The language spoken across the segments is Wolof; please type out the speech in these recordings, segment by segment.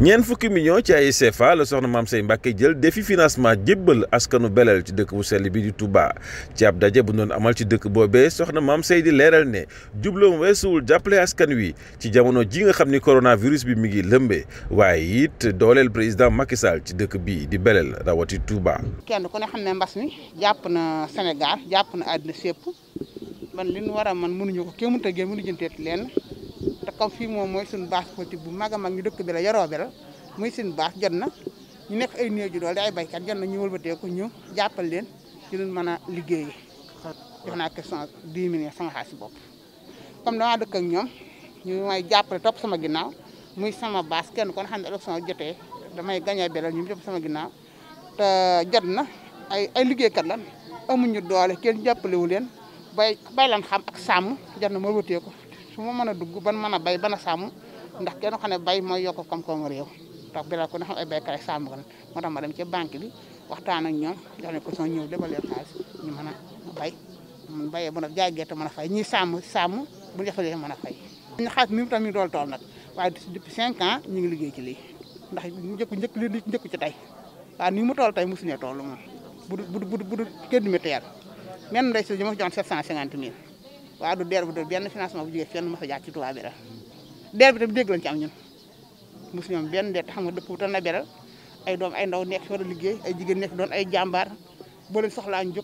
ñeent fukki millions ci ay CFA la soxna maam say Mbàkke jël defi financement jébbal askanu beleel ci dëkk bu sell bi di Touba ci ab daje bu doon amal ci dëkk boobee soxna maam say di leeral ne jubloom weesuwul jàppale askan wi ci jamono ji nga xam ni coronavirus bi mi ngi lëmbee waaye it dooleel président Macky Sall ci dëkk bii di beleel rawati Touba. kenn ko ne xam ne mbas mi jàpp na Sénégal jàpp na àddina sépp man li ñu war a man mënuñu ko kéemu tëggee mënu jënteet leen te comme fii moom mooy suñu baas politique bu mag a mag ñu dëkk bi la yoroo bi la muy suñu base jot na ñu nekk ay néew ju doole ay baykat jot na ñu wëlbateeku ñu jàppal leen ci luñ mën a liggéeyi. jox naa question dix millions sama xaalis bopp comme damaa dëkk ak ñoom ñu may jàppale topp sama ginnaaw muy sama base kenn kon xam ne élection jotee damay gañe belal ñu topp sama ginnaaw te jot na ay ay liggéeykat lan amuñu doole kenn jàppalewu leen bay bay lan xam ak sàmm jot na ma wëlbateeku suma mu mën dugg ban mën bay bana sam ndax kenn xane bay moy yok kom kom rew ndax bi la ko nax ay eh, bay kay sam kan moo tax ma dem ci banque bi waxtaan ak ñom dañ ko soo ñew lebal leen xaalis ñu mën bay mu baye mën a jaay gerte mën fay ñi sam sam bu defalee mën a fay ñu xaalis mi tam ñu dool tool nak waye depuis 5 ans ñu ngi liggéey ci li ndax ñu njëkk njëkk li njëkk ci tay wa ni mu tool tey mosuñu tool moom bu bu bu bu kenn mi météo même ndey si jëm ma 750000 waaw du DER bu du benn financement bu jógee fenn mos a jaar ci bi Belel DER bi tam dégg lañ ci am ñun mosu ñoom benn DER xam nga dëkk bu tan na Belel ay doom ay ndaw nekk fi war a liggéey ay jigéen nekk doon ay jàmbaar boo leen soxlaa ñu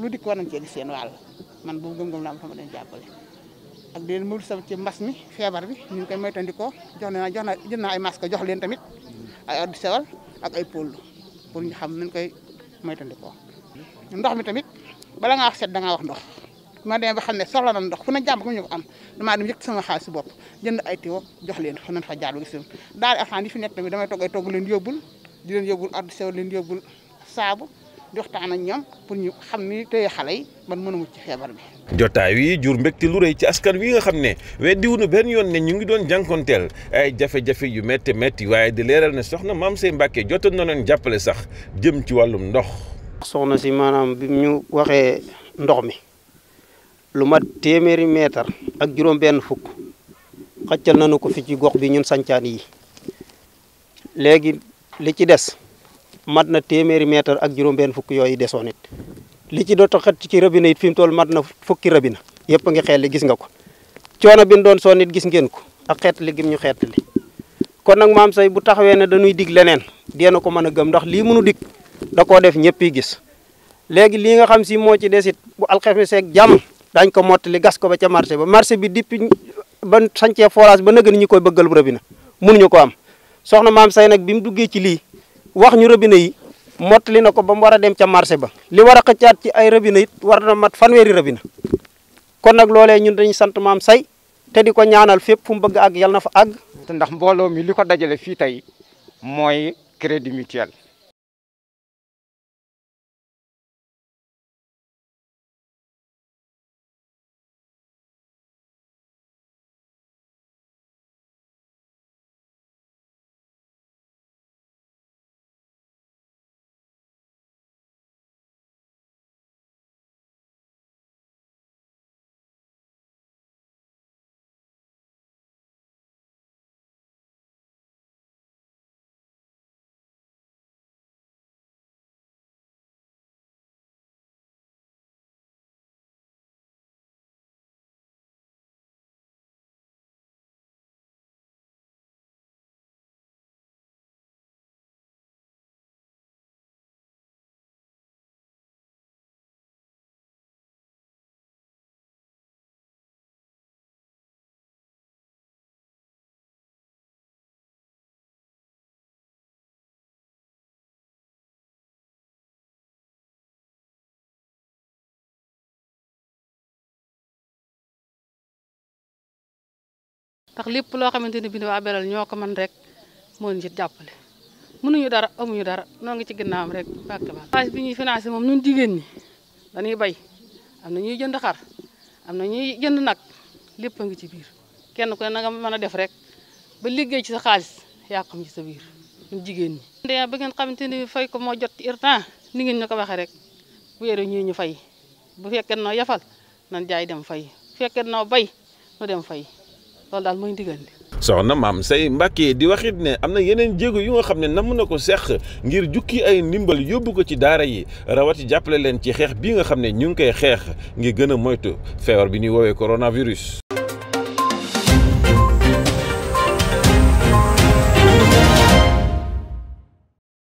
lu dikk war nañ cee gis seen wàll man boobu gëm-gëm la am tama leen jàppale ak leen mënul sama ci mas mi feebar bi ñu ngi koy moytandikoo jox na jox na jël naa ay masque jox leen tamit ay ordre sewal ak ay pool pour ñu xam nañ koy moytandikoo ndox mi tamit bala ngaa wax set da ngaa wax ndox ma dem ba xam ne soxla na ndox fu na jàmm ko ñu a am damaa dem yëkkati sama xaalisu bopp jënd ay jox leen fa nañ fa jaar gis daal alxaan yi fi nekk tamit damay togg ay togg leen yóbbul di leen yóbbul ordre sew leen yóbbul saabu di waxtaan ak ñoom pour ñu xam ni tey xale yi man mën a jotaay wi jur mbégte lu rëy ci askan wi nga xam ne weddiwuñu benn yoon ne ñu ngi doon jànkonteel ay jafe-jafe métti waaye di leeral ne soxna maam say Mbàkke jotoon na leen jàppale sax jëm ci wàllum ndox. soxna si maanaam bi ñu waxee ndox mi luma mat meter ak juróom ben fuk xaccal nañu ko fi ci gox bi ñun santian yi léegi li ci dess mat na téeméeri meetar ak juróom ben fuk yoy desoon it li ci doota xat ci rabina it fi mu toll mat na fukki rabina yëpp nga xel gis nga ko ciona bin doon gis ngeen ko ak xet li gim ñu xet li kon nak mam say bu ne dañuy dig leneen deena ko mën a gëm ndax li mënu dig da ko def ñëpp yi gis léegi li nga xam si mo ci desit bu alxemes seeg jam dañ ko motali gas ko ba ca marché ba marché bi depuis ban sancee forage ba nëgën ñu koy bëggal robinet mënuñu ko am soxna maam say nak bimu duggé ci li wax ñu rebina yi motali na ko ba mu wara dem ca marché ba li wara a ci ay rebina it war na mat fanwéri rebina kon nak lolé ñun dañu sant maam say té diko ñaanal fep fu mu bëgg ag yàlla na fa àgg. ndax mbolo mi liko dajalé fi tay moy crédit mutuel. ndax lépp loo xamante ne bi ne waa Belel ñoo ko mën rek moo ñu ci jàppale mënuñu dara amuñu dara noo ngi ci am rek bàkk ba finance bi ñuy financé moom ñun jigéen ñi dañuy bay am na ñuy jënd xar am na ñuy jënd nag lépp a ngi ci biir kenn ku ne na mën a def rek ba liggéey ci sa xaalis yaa xam ci sa biir ñun jigéen ñi de ba ngeen xamante ni fay ko moo jot ci irtan ni ngeen ñu ko waxee rek bu yére ñii ñu fay bu fekkee noo yafal nan jaay dem fay bu fekkee noo bay dem fay loolu daal mooy ndigal li soxna maam say Mbàkke di waxit ne am na yeneen jéego yu nga xam ne namm na ko seq ngir jukki ay ndimbal yóbbu ko ci daara yi rawati jàppale leen ci xeex bi nga xam ne ñu ngi koy xeex ngi gën a moytu feebar bi ñuy woowee coronavirus.